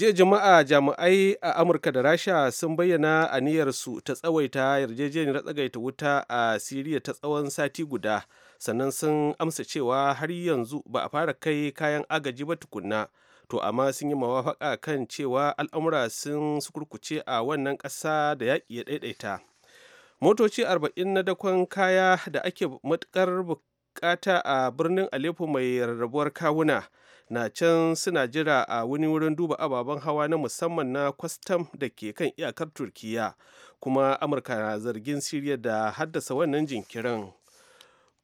jiya jama'a jami'ai a amurka da rasha sun bayyana aniyarsu ta tsawaita yarjejeniyar tsagaita wuta a siriya ta tsawon sati guda sannan sun amsa cewa har yanzu ba a fara kai kayan agaji ba tukunna to amma sun yi mawafaka kan cewa al'amura sun sukurkuce a wannan ƙasa da yaƙi ya ɗaiɗaita motoci arba'in na dakon kaya da ake matuƙar buƙata a birnin aleppo mai rarrabuwar kawuna na can suna jira a wani wurin duba ababen hawa na musamman na kwastam da ke kan iyakar turkiya kuma amurka na zargin siriya da haddasa wannan jinkirin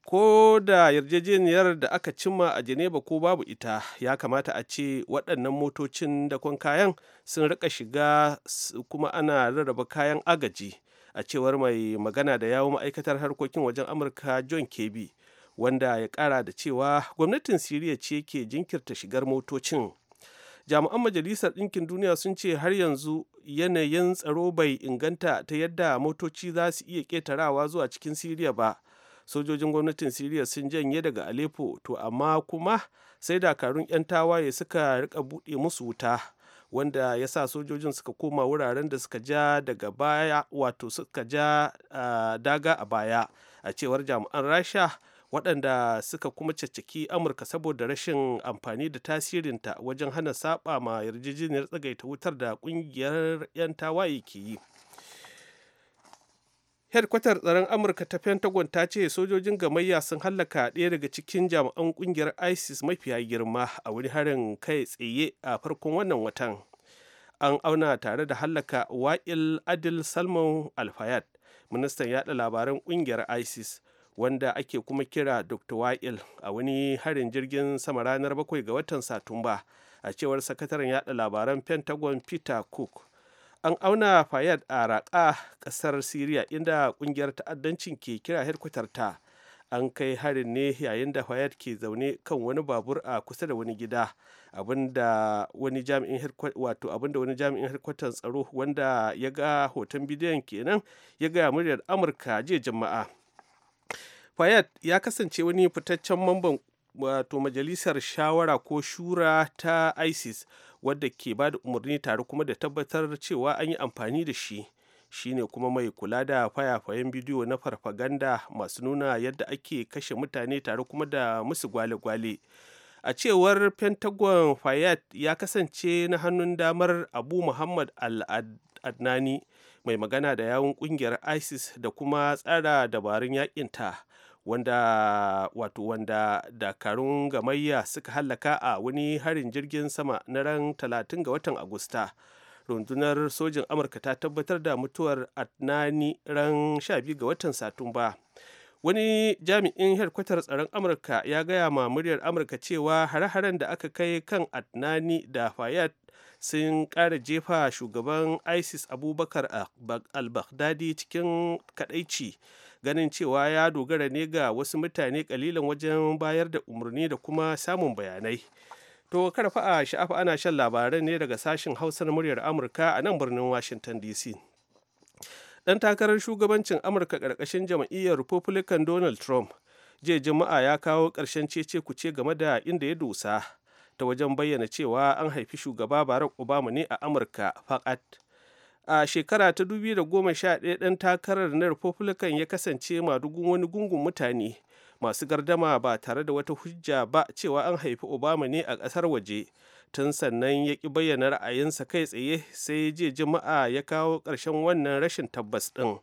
ko da yarjejeniyar da aka cimma a geneva ko babu ita ya kamata a ce waɗannan motocin da kwan kayan sun rika shiga kuma ana rarraba kayan agaji a cewar mai magana da yawon ma'aikatar harkokin wajen amurka john kebi wanda ya kara da cewa gwamnatin siriya ce ke jinkirta shigar motocin jami'an majalisar ɗinkin duniya sun ce har yanzu yanayin tsaro bai inganta ta yadda motoci za su iya ƙetarawa zuwa cikin siriya ba sojojin gwamnatin siriya sun janye daga alepo to amma kuma sai dakarun 'yan tawaye suka rika buɗe musu wuta wanda ya sa sojojin suka koma wuraren da suka ja daga baya wato suka ja ah, daga a baya a cewar jami'an rasha waɗanda suka kuma caccaki amurka saboda rashin amfani da tasirinta wajen hana saba ma yarjejeniyar tsagaita wutar da ƙungiyar 'yan tawaye ke yi headkwatar tsaron amurka ta pentagon ta ce sojojin gamayya sun hallaka ɗaya daga cikin jami'an ƙungiyar isis mafiya girma a wani harin kai tsaye a farkon wannan watan an auna tare da hallaka wa'il adil salman alfayad ministan yada labaran ƙungiyar isis wanda ake kuma kira dr wa'il a wani harin jirgin sama ranar bakwai ga watan satumba a cewar sakataren yada labaran pentagon peter cook an auna fayad a raƙa ƙasar syria inda ƙungiyar ta'addancin ke kira hedkwatar ta an kai harin ne yayin da fayad ke zaune kan wani babur a kusa da wani gida abinda wani jami'in wato tsaro wanda ya ga hoton bidiyon kenan ya gaya muryar amurka jiya jama'a Fayad ya kasance wani fitaccen mamban wato majalisar shawara ko shura ta ISIS wadda ke ba da umarni tare kuma da tabbatar cewa an yi amfani da shi. shine kuma mai kula da fayafayen bidiyo na farfaganda masu nuna yadda ake kashe mutane tare kuma da musu gwale-gwale a cewar pentagon fayyad ya kasance na hannun damar abu muhammad al-adnani mai magana da yawun kungiyar isis da kuma tsara dabarun yakinta wanda wato wanda dakarun gamayya suka hallaka a wani harin jirgin sama na ran 30 ga watan agusta rundunar sojin amurka ta tabbatar da mutuwar adnani ran 12 ga watan satumba wani jami'in herkwatar tsaron amurka ya gaya ma muryar amurka cewa hare-haren da aka kai kan adnani da fayad sun kara jefa shugaban isis abubakar al-baghdadi cikin kadaici ganin cewa ya dogara ne ga wasu mutane kalilan wajen bayar da umarni da kuma samun bayanai to karfa a sha'afa ana shan labaran ne daga sashen hausar muryar amurka a nan birnin washington dc dan takarar shugabancin amurka karkashin jam'iyyar republican donald trump jiya juma'a ya kawo ƙarshen cece kuce game da inda ya dosa ta wajen bayyana cewa an haifi shugaba barack obama ne a amurka fakat a shekara ta 2011 ɗan takarar na republican ya kasance madugun wani gungun mutane masu gardama ba tare da wata hujja ba cewa an haifi obama ne a ƙasar waje tun sannan ya ƙi bayyana ra'ayinsa kai tsaye sai jiya juma'a ya kawo ƙarshen wannan rashin tabbas ɗin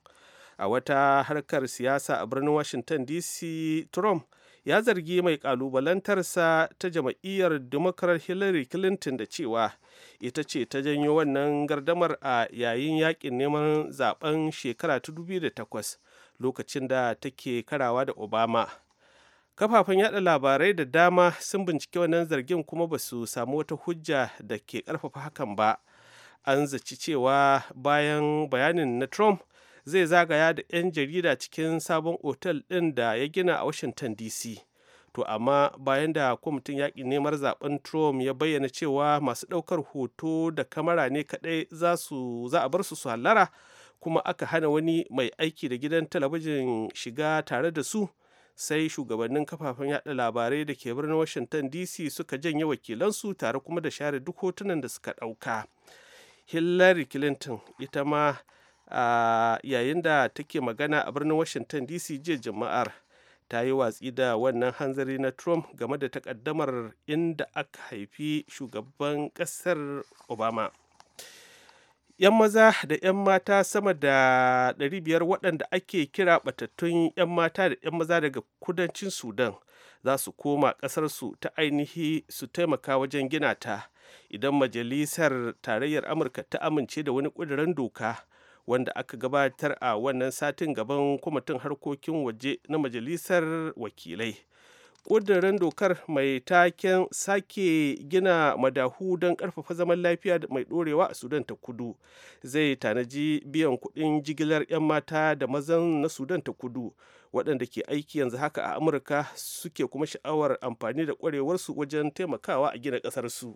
a wata harkar siyasa a birnin washington dc trump ya zargi mai kalubalantarsa ta jama'iyyar Democrat Hillary Clinton da cewa ita ce ta janyo wannan gardamar a yayin yakin neman zaben shekara ta 2008 lokacin da take karawa da Obama. Kafafen yada labarai da dama sun bincike wannan zargin kuma ba su samu wata hujja da ke karfafa hakan ba. An zaci cewa bayan bayanin na Trump zai zagaya da 'yan jarida cikin sabon otal ɗin da ya gina a washington dc to amma bayan da kwamitin yaƙi neman zaben trump ya bayyana cewa masu ɗaukar hoto da kamara ne kaɗai za a bar su su hallara kuma aka hana wani mai aiki da gidan talabijin shiga tare da su sai shugabannin kafafen yada labarai da ke birnin washington dc suka janye wakilansu tare kuma da share duk hotunan da suka ɗauka hillary clinton ita ma yayin da take magana a birnin washington dc jiya jama'ar ta yi watsi da wannan hanzari na trump game da takaddamar inda aka haifi shugaban kasar obama yan maza da yan mata sama da 500 waɗanda ake kira batattun yan mata da yan maza daga kudancin sudan za su koma ƙasarsu ta ainihi su taimaka wajen gina ta idan majalisar tarayyar amurka ta amince da wani ƙudurin doka wanda aka gabatar a wannan satin gaban kwamitin harkokin waje na majalisar wakilai ƙudurin dokar mai taken sake gina madahu don ƙarfafa zaman lafiya mai ɗorewa a sudan ta kudu zai tanaji biyan kuɗin jigilar 'yan mata da mazan na sudan ta kudu waɗanda ke aiki yanzu haka a amurka suke kuma sha'awar amfani da ƙwarewarsu wajen taimakawa a gina ƙasarsu.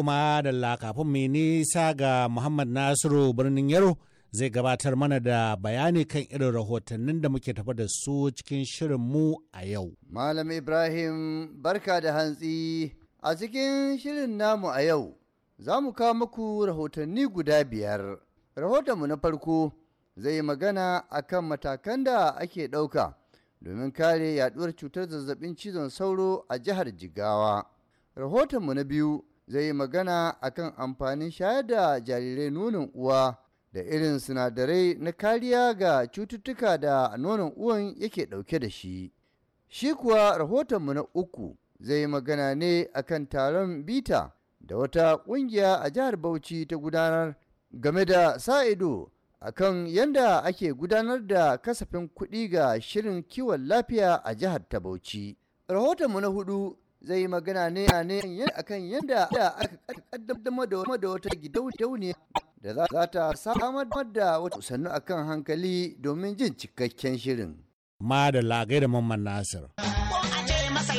To ma da kafin mai nisa ga Muhammad Nasiru birnin Yaro zai gabatar mana da bayani kan irin rahotannin da muke tafa da su cikin shirinmu a yau. Malam Ibrahim barka da hantsi a cikin shirin namu a yau za mu kawo muku rahotanni guda biyar. Rahotonmu na farko zai yi magana a kan matakan da ake ɗauka domin kare yaduwar cutar zazzabin cizon sauro a jihar Jigawa. Rahotonmu na biyu zai yi magana akan amfanin shayar da jarirai nonon uwa da irin sinadarai na kariya ga cututtuka da nonon uwan yake ɗauke da shi. Shi kuwa rahotonmu na uku zai yi magana ne akan taron bita da wata ƙungiya a jihar Bauchi ta gudanar game da sa-ido akan yadda ake gudanar da kasafin kuɗi ga shirin kiwon lafiya a jihar ta Bauchi. Rahotonmu na hudu zai yi magana ne a ne akan yadda aka kaddamar da wata gidauniya da za ta samar da wata sannu akan hankali domin jin cikakken shirin. Ma da lagai da Mamman Nasir. Ko a ce masa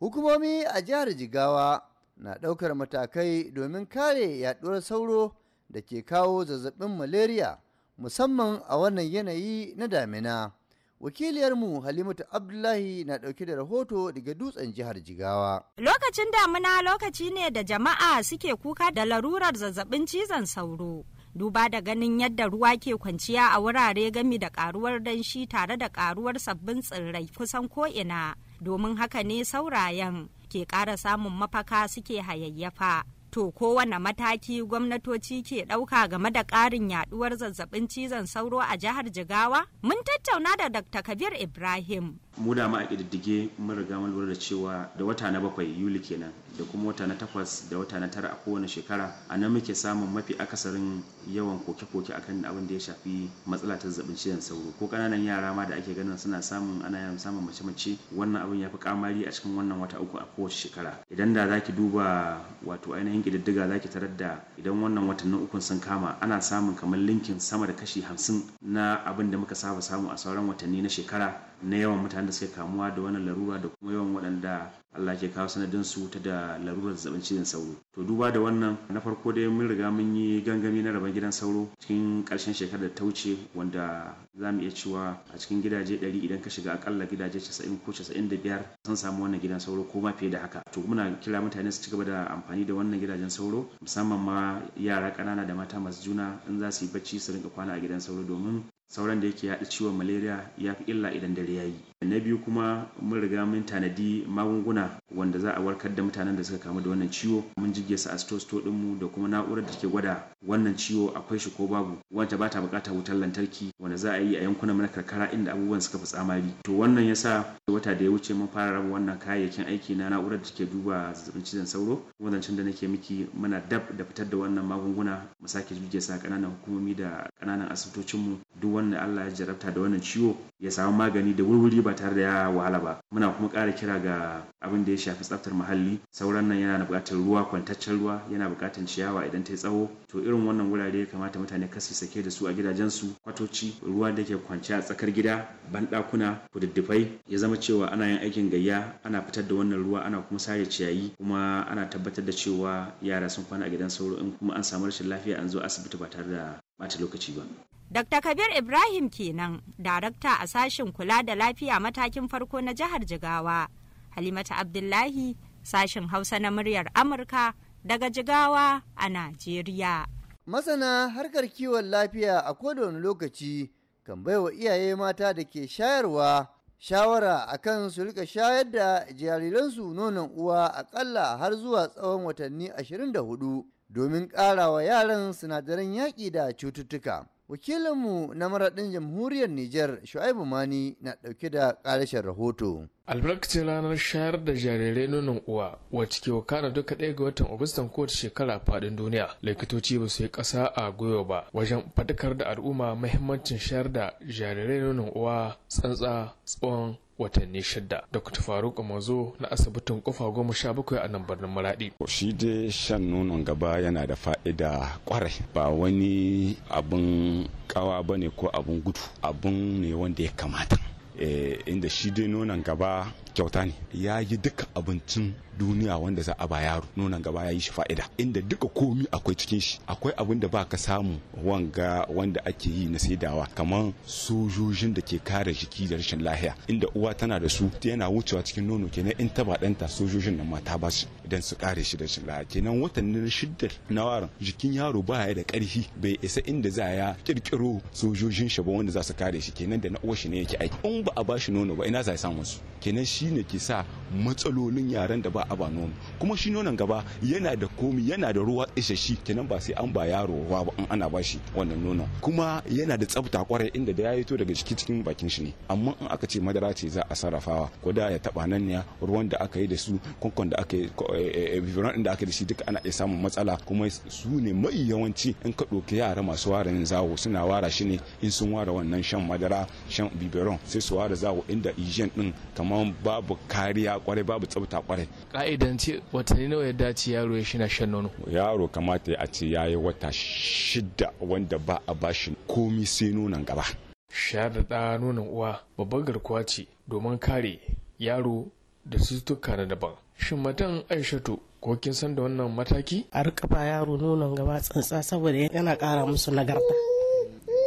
Hukumomi a jihar Jigawa na ɗaukar matakai domin kare yaɗuwar sauro da ke kawo zazzabin malaria musamman a wannan yanayi na damina. Wakiliyarmu Halimatu Abdullahi na ɗauki da rahoto daga dutsen jihar Jigawa. Lokacin damina lokaci ne da jama'a suke kuka da larurar zazzabin cizon sauro. duba da ganin yadda ruwa ke kwanciya a wurare gami da karuwar danshi tare da karuwar sabbin tsirrai kusan ko'ina domin haka ne saurayen ke ƙara samun mafaka suke hayayyafa. To kowane mataki gwamnatoci ke ɗauka game da ƙarin yaɗuwar zazzabin cizon sauro a jihar Jigawa? Mun tattauna da Dr. Kabir Ibrahim, mu da ma a ƙididdige mun riga mun lura da cewa da wata na bakwai yuli kenan da kuma wata na takwas da wata na tara a kowane shekara a nan muke samun mafi akasarin yawan koke-koke akan abin da ya shafi matsala ta zazzabin cizon sauro ko kananan yara ma da ake ganin suna samun ana yawan samun mace-mace wannan abin ya fi kamari a cikin wannan wata uku a kowace shekara idan da zaki duba wato ainihin ƙididdiga zaki tarar da idan wannan watannin ukun sun kama ana samun kamar linkin sama da kashi hamsin na abin da muka saba samu a sauran watanni na shekara na yawan mutane waɗanda suka kamuwa da wannan larura da kuma yawan waɗanda Allah ke kawo sanadin su ta da larurar zazzabin cizon sauro to duba da wannan na farko dai mun riga mun yi gangami na rabon gidan sauro cikin ƙarshen shekarar da ta wuce wanda za mu iya cewa a cikin gidaje 100 idan ka shiga akalla gidaje casa'in ko casa'in da 95 sun samu wannan gidan sauro ko ma fiye da haka to muna kira mutane su ci gaba da amfani da wannan gidajen sauro musamman ma yara ƙanana da mata masu juna in za su yi bacci su rinka kwana a gidan sauro domin sauran da yake yaɗa ciwon malaria ya fi illa idan dare ya yi na biyu kuma mun riga mun tanadi magunguna wanda za a warkar da mutanen da suka kamu da wannan ciwo mun jige su a sto sto dinmu da kuma na'urar da ke gwada wannan ciwo akwai shi ko babu wanda ba ta bukatar wutar lantarki wanda za a yi a yankunan na karkara inda abubuwan suka fi tsamari to wannan yasa wata da ya wuce mun fara raba wannan kayayyakin aiki na na'urar da ke duba zazzabin cizon sauro wazancin da nake miki muna dab da fitar da wannan magunguna mu sake jige sa a hukumomi da ƙananan asibitocinmu duk wanda Allah ya jarabta da wannan ciwo ya samu magani da wurwuri ba tare da ya wahala ba muna kuma ƙara kira ga abin da ya shafi tsaftar muhalli sauran nan yana buƙatar ruwa kwantaccen ruwa yana buƙatar ciyawa idan ta yi tsawo to irin wannan wurare ya kamata mutane kasu sake da su a gidajensu kwatoci ruwa da ke kwance a tsakar gida banɗakuna kududdufai ya zama cewa ana yin aikin gayya ana fitar da wannan ruwa ana kuma sare ciyayi kuma ana tabbatar da cewa yara sun kwana a gidan sauro in kuma an samu rashin lafiya an zo asibiti ba tare da ɓata lokaci ba. Dr. Kabir Ibrahim kenan, darakta a sashen kula da lafiya matakin farko na jihar Jigawa. Halimata Abdullahi, sashen Hausa na muryar Amurka daga Jigawa a Najeriya. Masana harkar kiwon lafiya a kowane lokaci kan baiwa iyaye mata da ke shayarwa shawara akan su rika shayar da jariransu nonon uwa akalla har zuwa tsawon watanni 24 domin ƙara wa yaran sinadaran yaƙi da cututtuka. wakilinmu na maraɗin jamhuriyar Nijar Shu'aibu Mani na ɗauke da ƙarashin rahoto. albarkacin ranar shayar da jarirai nonon uwa wacce ke wakana duka ɗaya ga watan agustan kowace shekara a faɗin duniya likitoci ba su yi ƙasa a gwiwa ba wajen fadakar da al'umma mahimmancin shayar da jarirai nonon uwa tsantsa tsawon watanni shida dr faruk mazo na asibitin kofa goma sha bakwai a nan birnin maradi shi dai shan nonon gaba yana da fa'ida kwarai ba wani abun kawa ba ne ko abun gudu abun ne wanda ya kamata eh, inda shi dai nonon gaba kyauta ne ya yi duka abincin duniya wanda za a ba yaro nonon gaba ya yi shi fa'ida inda duka komi akwai cikin shi akwai abin da baka samu wanga wanda ake yi na saidawa kamar sojojin da ke kare jiki da rashin lahiya inda uwa tana da su yana wucewa cikin nono kenan in taba ɗanta sojojin nan mata ba shi idan su kare shi da rashin lahiya kenan watannin shiddar na waran jikin yaro ba ya da ƙarfi bai isa inda za ya kirkiro sojojin shi ba wanda za su kare shi kenan da na uwa shi ne yake aiki in ba a ba shi nono ba ina za ya samu su kenan shine ke sa matsalolin yaran da ba ba nono kuma shi nonon gaba yana da komi yana da ruwa isashi kenan ba sai an ba yaro ruwa ba in ana ba wannan nonon kuma yana da tsafta kwarai inda da ya yi to daga ciki cikin bakin shi ne amma in aka ce madara ce za a sarrafawa ko da ya taba nan ne ruwan da aka yi da su kwankwan da aka yi eh, eh, eh, bibiran da aka yi da shi duka ana iya samun matsala kuma su ne mai yawanci in ka ɗauki yara masu warin zawo suna wara shi ne in sun ware wannan shan madara shan biberon sai su ware zawo inda ijen din kamar babu kariya kwarai babu tsafta kwarai ka'idance watanni nawa ya dace yaro ya shina shan nono yaro kamata a ce ya yi wata shida wanda ba a bashi komi sai nonon gaba sha da ɗa nonon uwa babbar garkuwa ce domin kare yaro da cututtuka na daban shin matan aishatu ko kin san da wannan mataki a rika ba yaro nonon gaba tsantsa saboda yana ƙara musu nagarta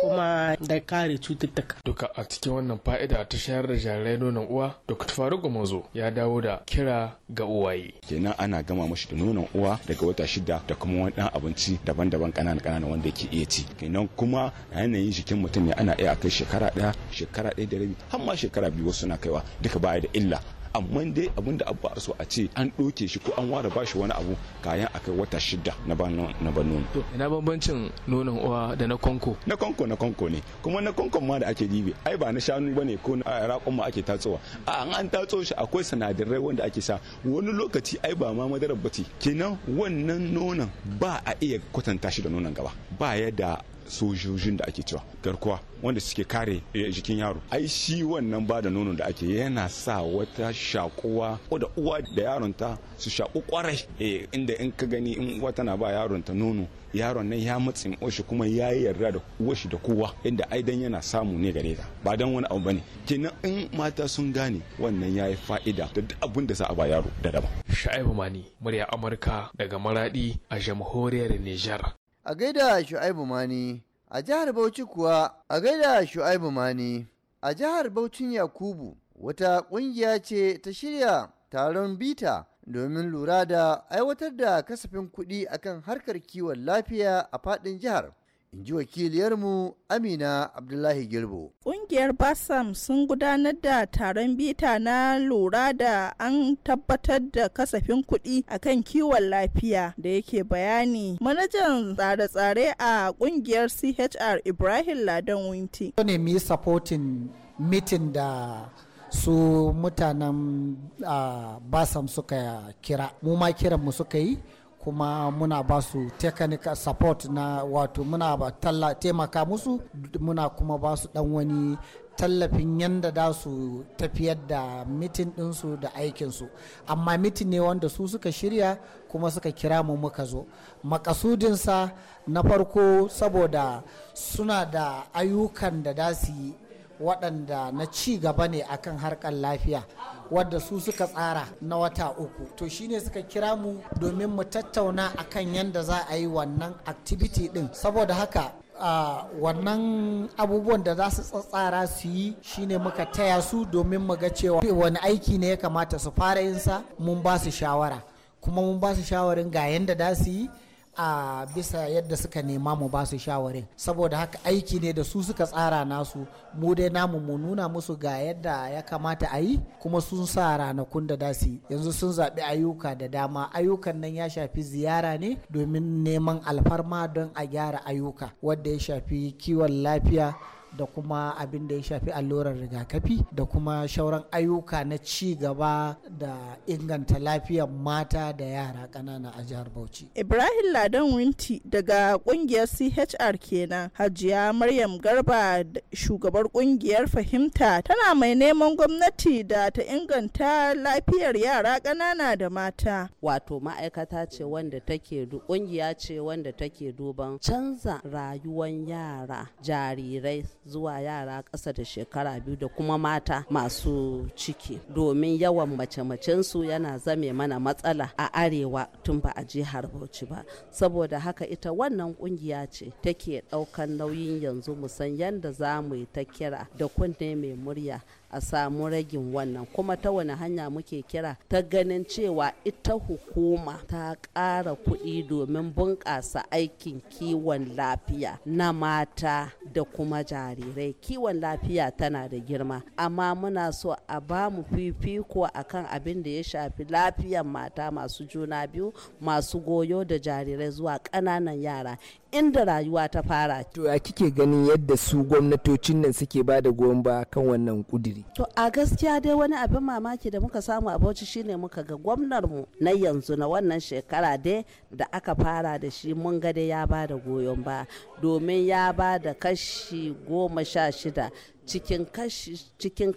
kuma da kare cututtuka. Duka a cikin wannan fa'ida ta shayar da jarirai nonon uwa, Dr. Faruk Mazo ya dawo da kira ga uwaye. Kenan ana gama mashi da nonon uwa daga wata shida da kuma wani ɗan abinci daban-daban ƙanana-ƙanana wanda yake iya ci. Kenan kuma yanayin jikin mutum ne ana iya kai shekara ɗaya, shekara ɗaya da rabi, har ma shekara biyu wasu na kaiwa duka baya da illa. amma dai abin da abba so a ce an ɗoke shi ko an ware bashi wani abu kayan akai wata shida na ba nono to ina bambancin nonon uwa da na konko na konko na konko ne kuma na konkon ma da ake dibe ai ba na shanu bane ko na raƙon ma ake tatsowa a an tatso shi akwai sinadarai wanda ake sa wani lokaci ai ba ma madarar bace kenan wannan nonon ba a iya kwatanta shi da nonon gaba ba ya da sojojin da ake cewa garkuwa wanda suke kare eh, jikin yaro ai shi wannan ba da nono da ake yana sa wata shakuwa ko da uwa da yaron ta su shaku kwarai eh, inda in ka gani in uwa tana ba yaronta nono yaron nan ya matsin oshi kuma ya yi yarda da uwashi da kowa inda dan yana samu ne gare ta ba dan wani abu bane kenan in mata sun gane wannan yayi fa'ida da duk abin da za a ba yaro da daban sha'ibu mani murya amurka daga maradi a jamhuriyar nijar a gaida Shu'aibu Mani a jihar Bauchi kuwa a gaida Shu'aibu Mani a jihar Bauchin Yakubu wata ƙungiya ce ta shirya taron bita domin lura da aiwatar da kasafin kuɗi akan harkar kiwon lafiya a faɗin jihar in ji wakiliyarmu amina abdullahi girbo ƙungiyar basam sun gudanar da taron bita na lura da an tabbatar da kasafin kuɗi akan kiwon lafiya da yake bayani manajan tsare-tsare a ƙungiyar chr ibrahim ladan winti ne mu supporting mitin da su mutanen ah, basam suka kira mu ma kiran mu suka yi kuma muna ba su technical support na wato muna ba taimaka musu muna kuma ba su dan wani tallafin yadda da su tafiyar da mitin ɗinsu da aikinsu amma mitin ne wanda su suka shirya kuma suka kira mu muka zo makasudinsa na farko saboda suna da ayyukan da da su yi waɗanda na ci gaba ne akan harkar lafiya wadda su suka tsara na wata uku to shine suka kira mu domin mu tattauna akan yadda za a yi wannan activity din saboda haka Uh, wannan abubuwan da za su tsatsara su yi shine muka taya su domin mu ga cewa wani aiki ne ya kamata su fara yin sa mun ba su shawara kuma mun ba su shawarin ga yadda za su yi a bisa yadda suka nema mu ba su shawarin saboda haka aiki ne da su suka tsara nasu mu dai namu mu nuna musu ga yadda ya kamata a yi kuma sun sa ranakun da dasi yanzu sun zaɓi ayyuka da dama ayyukan nan ya shafi ziyara ne domin neman alfarma don a gyara ayyuka wadda ya shafi kiwon lafiya da kuma abin da ya shafi allurar rigakafi da kuma shauran ayyuka na ci gaba da inganta lafiyar mata da yara ƙanana a jihar Bauchi. Ibrahim Ladan Winti daga kungiyar CHR kenan Hajiya Maryam Garba shugabar kungiyar fahimta tana mai neman gwamnati da ta inganta lafiyar yara ƙanana da mata. Wato ma'aikata ce wanda take kungiya ce wanda take duban canza rayuwar yara jarirai zuwa yara ƙasa da shekara biyu da kuma mata masu ciki domin yawan mace-macensu yana zame mana matsala a arewa tun ba a jihar Bauchi ba saboda haka ita wannan ƙungiya ce take ɗaukan nauyin yanzu musan yadda za mu yi ta kira da kunne mai murya a samu ragin wannan kuma ta wani hanya muke kira ta ganin cewa ita hukuma ta ƙara kuɗi domin bunƙasa aikin kiwon lafiya na mata da kuma jarirai kiwon lafiya tana da girma amma muna so a ba mu fifiko a kan abin da ya shafi lafiyan mata masu juna biyu masu goyo da jarirai zuwa ƙananan yara inda rayuwa ta fara. To a kike ganin yadda su gwamnatocin nan suke ba da goyon ba kan wannan kudiri. To a gaskiya dai wani abin mamaki da muka samu a Bauchi shine muka ga gwamnarmu na yanzu na wannan shekara dai da aka fara da shi mun ga dai ya ba da goyon ba domin ya ba da kashi goma sha shida cikin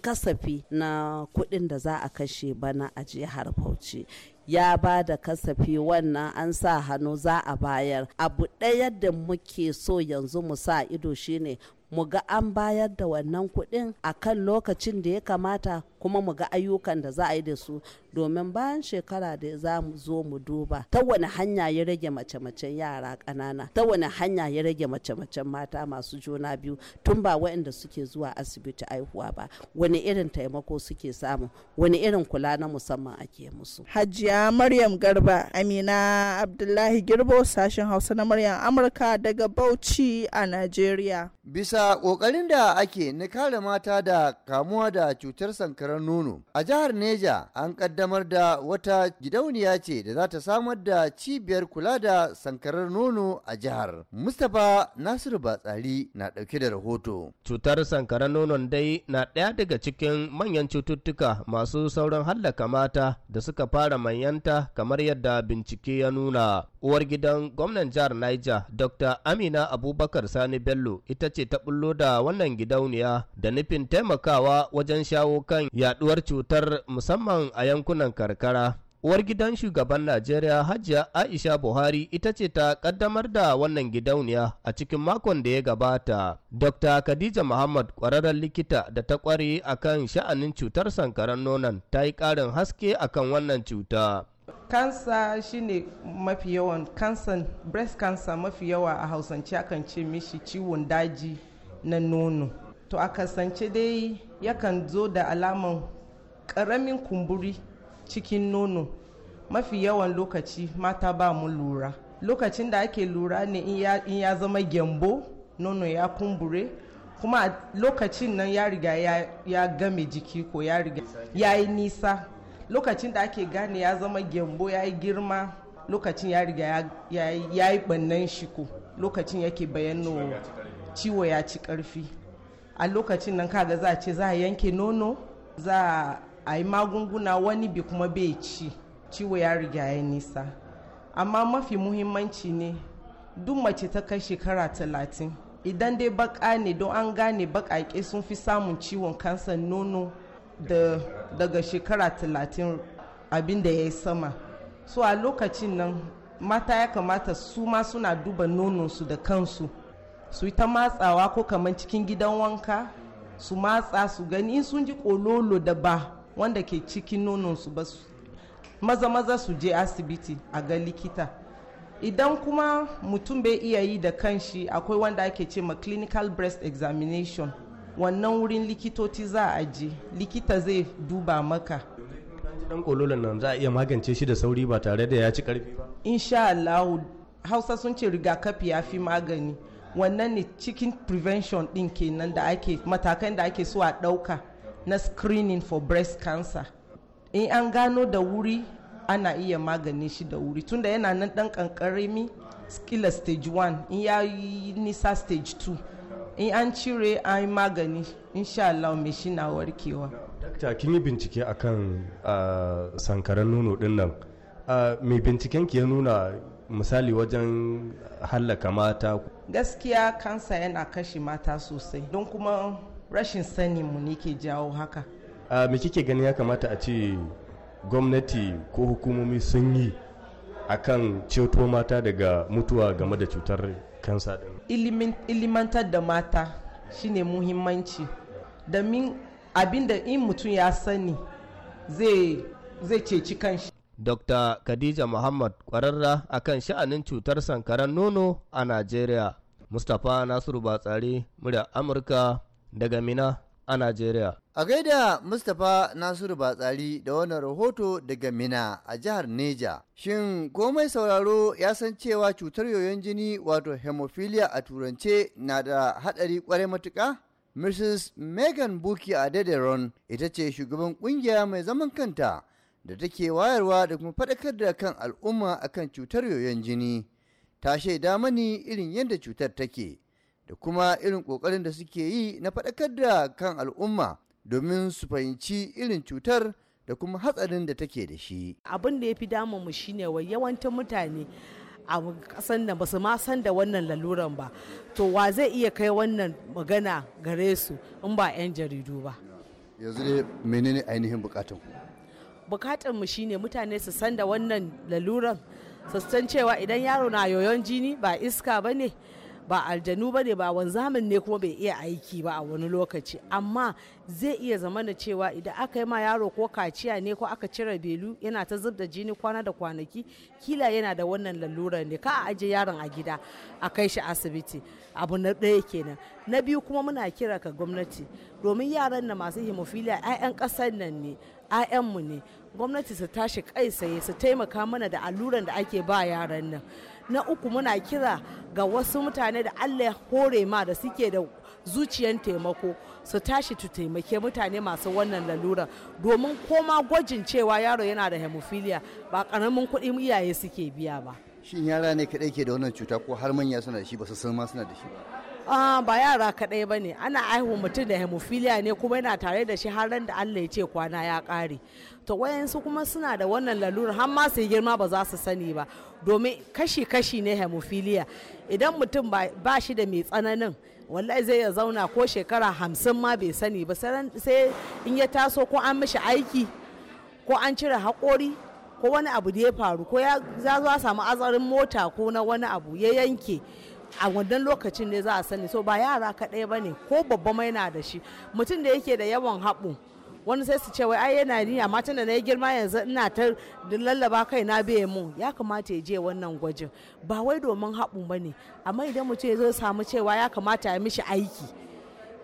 kasafi na kuɗin da za a kashe bana a jihar Bauchi. ya ba da kasafi wannan an sa hannu za a bayar abu ɗaya da muke so yanzu mu sa ido shine mu ga an bayar da wannan kuɗin a kan lokacin da ya kamata kuma mu ga ayyukan da za a yi da su domin bayan shekara da za mu zo mu duba ta wani hanya ya rage mace-macen yara ƙanana ta wani hanya ya rage mace-macen mata masu juna biyu tun ba waɗanda suke zuwa asibiti aihuwa ba wani irin taimako suke samu wani irin kula na musamman ake musu hajiya maryam garba amina abdullahi girbo sashen hausa na maryam amurka daga bauchi a najeriya bisa da ƙoƙarin da ake na kare mata da kamuwa da cutar sankarar nono, a jihar Neja an ƙaddamar da wata gidauniya ce da za ta samar da cibiyar kula da sankarar nono a jihar. Mustapha Nasiru Batsari na ɗauke da rahoto. Cutar sankarar nonon dai na ɗaya daga cikin manyan cututtuka masu sauran hallaka mata da suka fara manyanta kamar yadda bincike ya nuna. uwar gidan gwamnan jihar Niger Dr. Amina Abubakar Sani Bello ita ce ta bullo da wannan gidauniya da nufin taimakawa wajen shawo kan yaduwar cutar musamman a yankunan karkara. Uwar gidan shugaban Najeriya Hajiya Aisha Buhari ita ce ta kaddamar da wannan gidauniya a cikin makon da ya gabata. Dr. Khadija Muhammad kwararren likita da ta kware akan sha'anin cutar sankaran nonon ta yi ƙarin haske akan wannan cuta. kansa shine mafi yawan kansan breast cancer mafi yawa a hausance akan ce mishi ciwon daji na nono to a kasance dai yakan zo da alaman karamin kumburi cikin nono mafi yawan lokaci mata ba mu lura lokacin da ake lura ne in ya zama gyambo nono ya kumbure kuma lokacin nan ya riga ya game jiki ko ya riga ya yi nisa lokacin da ake gane ya zama gyambo ya yi girma lokacin ya riga ya yi bannan shiko lokacin yake bayanno ciwo ya ci karfi a lokacin nan kaga za a ce za a yanke nono za a yi magunguna wani bi kuma bai ci ciwo ya riga ya nisa amma mafi muhimmanci ne duk mace ta kai shekara talatin idan dai baka ne don an gane baƙaƙe sun fi samun ciwon kansan nono da daga shekara talatin abin da ya yi sama so a lokacin nan mata ya kamata su ma suna duba nononsu da kansu su ta matsawa ko kamar cikin gidan wanka su matsa su gani in sun ji kololo da ba wanda ke cikin nononsu ba maza maza su je asibiti a ga likita idan kuma mutum bai iya yi da kanshi akwai wanda ake ce ma clinical breast examination wannan wurin likitoci za a je likita zai duba maka dan kololan nan za a iya magance shi da sauri ba tare da ya ci karfi ba insha Allah hausa sun ce rigakafi ya fi magani wannan ne cikin prevention din kenan da ake matakan da ake so a ɗauka na screening for breast cancer in an gano da wuri ana iya magani shi da wuri tunda yana nan dan kankarami kila stage 1 in ya yi nisa stage 2 in an cire an yi magani insha Allah mai shi na warkewa dakta kin yi bincike akan ah, sankaran nono din nan ah, mai binciken ki ya nuna misali wajen hallaka mata gaskiya kansa yana kashe mata sosai don kuma rashin sani mu ne ke jawo haka ah, me kike gani ya kamata a ce gwamnati ko hukumomi sun yi akan ceto mata daga mutuwa game da cutar kansa din ilimantar da mata shine muhimmanci domin abin da in mutum ya sani zai ceci kanshi Dr. Khadija Muhammad kwararra akan sha'anin cutar sankaran nono a nigeria Mustapha Nasiru Batsari, murya Amurka daga Mina a Najeriya. A gaida Mustapha Nasiru Batsari da wannan rahoto daga Mina a jihar Neja. Shin komai sauraro ya san cewa cutar yoyon jini wato hemophilia a turance na da haɗari kwarai matuƙa? Mrs. Megan Buki a Dederon ita ce shugaban ƙungiya mai zaman kanta da take wayarwa da kuma faɗakar da kan al'umma akan cutar yoyon jini. Ta shaida mani irin yadda cutar take. da kuma irin ƙoƙarin da suke yi na faɗakar da kan al'umma domin su fahimci irin cutar da kuma hatsarin da take da shi. Abin da ya fi damun mu shine wa yawancin mutane a kasan da ba su ma san da wannan laluran ba. To wa zai iya kai wannan magana gare su in ba 'yan jaridu ba. Yanzu dai menene ainihin bukatun Bukatun mu shine mutane su san da wannan laluran su san cewa idan yaro na yoyon jini ba iska ba ne. ba aljanu ba ne ba wanzamin ne kuma bai iya aiki ba a wani lokaci amma zai iya zama da cewa idan aka yi ma yaro ko kaciya ne ko aka cire belu yana ta zub da jini kwana da kwanaki kila yana da wannan lalurar ne ka a aje yaron a gida a kai shi asibiti abu na ɗaya kenan na biyu kuma muna kira ka gwamnati domin yaran na masu hemophilia 'ya'yan ƙasar nan ne 'ya'yanmu ne gwamnati su tashi kai tsaye su taimaka mana da alluran da ake ba yaran nan na uku muna kira ga wasu mutane da allah hore ma da suke da zuciyar taimako su tashi su taimake mutane masu wannan lalura domin koma gwajin cewa yaro yana da hemophilia ba karamin kuɗi iyaye suke biya ba shin yara ne kaɗai ke da wannan cuta ko har manya suna da shi ba su san ma suna da shi ba ba yara kaɗai ba ne ana aihu mutum da hemophilia ne kuma yana tare da shi har ran da allah ya ce kwana ya ƙare to wayansu kuma suna da wannan lalurar har ma su girma ba za su sani ba domin kashi-kashi ne hemophilia idan mutum ba shi da mai tsananin wallahi zai ya zauna ko shekara hamsin ma bai sani ba sai in ya taso ko an mishi aiki ko an cire haƙori ko wani abu da ya faru ko ya zo samu azarin mota ko na wani abu ya yanke a wannan lokacin ne za a sani so ba yara kaɗai ba ne ko babba mai na da shi mutum da yake da yawan haɓu wani sai su ce wai ai yana ni amma tun da na yi girma yanzu ina ta lallaba kai na biye mu ya kamata ya je wannan gwajin ba wai domin haɓu ba ne amma idan mutum ya zo samu cewa ya kamata ya mishi aiki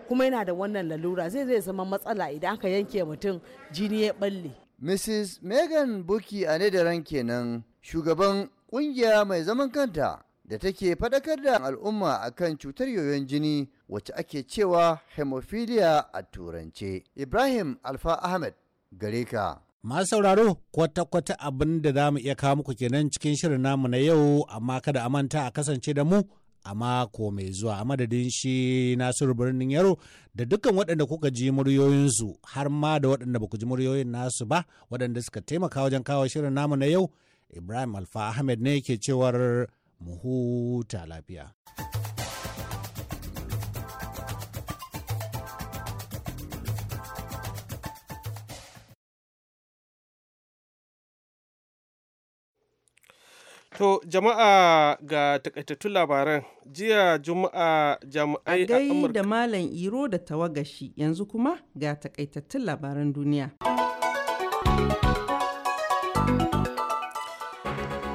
kuma yana da wannan lalura zai zai zama matsala idan aka yanke mutum jini ya balle. Mrs. Megan Buki a kenan shugaban kungiya mai zaman kanta da take faɗakar da al'umma akan cutar yoyon jini wacce ake cewa hemophilia a turance. Ibrahim Alfa Ahmed gare ka. Masu sauraro kwata-kwata abin da za iya kawo muku kenan cikin shirin namu na yau amma kada a manta a kasance da mu a mako mai zuwa a madadin shi nasiru birnin yaro da dukkan waɗanda kuka ji muryoyinsu har ma da waɗanda ba ku ji muryoyin nasu ba waɗanda suka taimaka wajen kawo shirin namu na yau ibrahim alfa ahmed ne ke cewar mu huta lafiya. To jama'a ga takaitattu labaran jiya juma'a jami'ai a Amurka. da Malam Iro da tawagashi yanzu kuma ga takaitattun labaran duniya.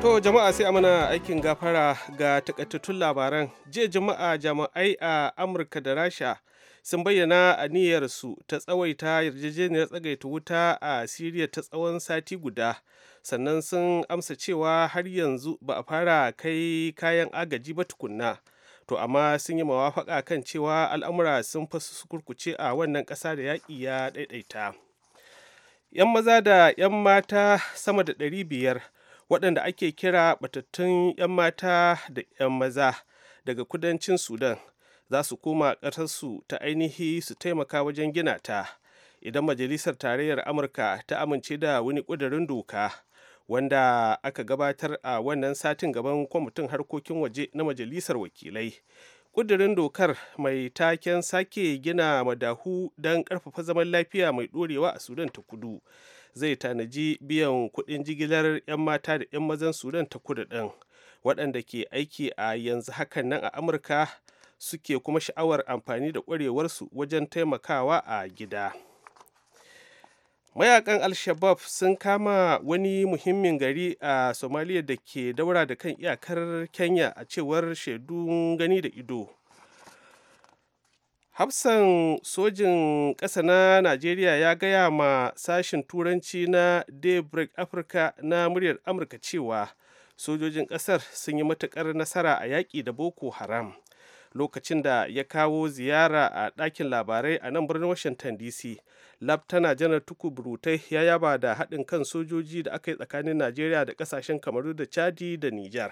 To jama'a sai amana aikin gafara ga takaitattun labaran. Jiya jama'a jami'ai a Amurka da Rasha sun bayyana a aniyarsu ta tsawaita yarjejeniyar tsagaita wuta a Siriya ta tsawon sati guda. Sannan sun amsa cewa har yanzu ba a fara kai kayan agaji ba tukunna. To amma sun yi mawafaka kan cewa al'amura sun fasu kurkuce a wannan ƙasa da yaƙi ya ɗaiɗaita. 'Yan maza da 'yan mata sama da ɗari biyar waɗanda ake kira batattun 'yan mata da 'yan maza daga kudancin sudan za su koma ƙasarsu ta ainihi su taimaka wajen gina ta idan majalisar tarayyar amurka ta amince da wani ƙudurin doka wanda aka gabatar a wannan satin gaban kwamitin harkokin waje na majalisar wakilai ƙudurin dokar mai taken sake gina madahu don ƙarfafa zaman lafiya mai ɗorewa a sudan ta kudu zai tanaji biyan kuɗin jigilar 'yan mata da 'yan mazan sudan ta kudu ɗin waɗanda ke aiki a yanzu hakan nan a amurka suke kuma sha'awar amfani da ƙwarewarsu wajen taimakawa a gida mayakan al-shabab sun kama wani muhimmin gari a somaliya da ke daura da kan iyakar kenya a cewar shaidun gani da ido hafsan sojin ƙasa na najeriya ya gaya ma sashen turanci na daybreak africa na muryar amurka cewa sojojin ƙasar sun yi matuƙar nasara a yaƙi da boko haram lokacin da ya kawo ziyara a ɗakin labarai a nan birnin washington dc laftana janar tuku burutai ya yaba da haɗin kan sojoji da aka yi tsakanin najeriya da ƙasashen kamaru da chadi da nijar